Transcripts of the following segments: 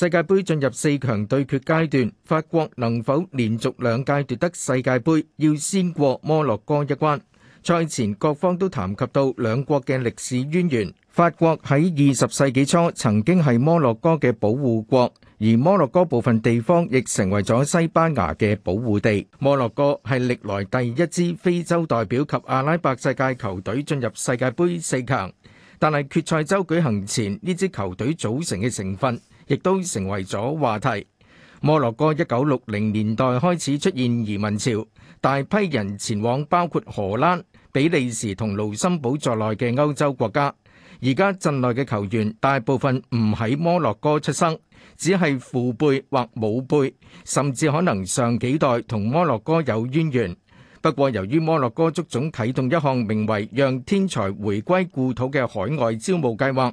世界盃進入四強對決階段，法國能否連續兩屆奪得世界盃？要先過摩洛哥一關。賽前各方都談及到兩國嘅歷史淵源。法國喺二十世紀初曾經係摩洛哥嘅保護國，而摩洛哥部分地方亦成為咗西班牙嘅保護地。摩洛哥係歷來第一支非洲代表及阿拉伯世界球隊進入世界盃四強，但係決賽周舉行前呢支球隊組成嘅成分亦都成為咗話題。摩洛哥1960年代開始出現移民潮，大批人前往包括荷蘭、比利時同盧森堡在內嘅歐洲國家。而家陣內嘅球員大部分唔喺摩洛哥出生，只係父輩或母輩，甚至可能上幾代同摩洛哥有淵源。不過由於摩洛哥足總啟動一項名為讓天才回歸故土嘅海外招募計劃。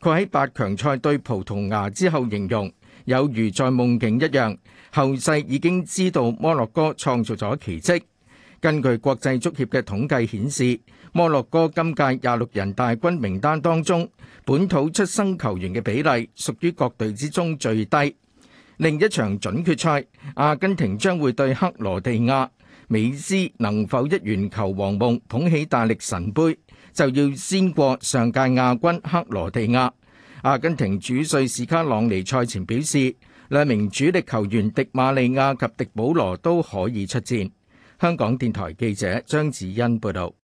佢喺八強賽對葡萄牙之後形容，有如在夢境一樣。後世已經知道摩洛哥創造咗奇蹟。根據國際足協嘅統計顯示，摩洛哥今屆廿六人大軍名單當中，本土出生球員嘅比例屬於各隊之中最低。另一場準決賽，阿根廷將會對克羅地亞。美斯能否一圓球王夢捧起大力神杯，就要先過上屆亞軍克羅地亞。阿根廷主帥史卡朗尼賽前表示，兩名主力球員迪馬利亞及迪保羅都可以出戰。香港電台記者張子恩報道。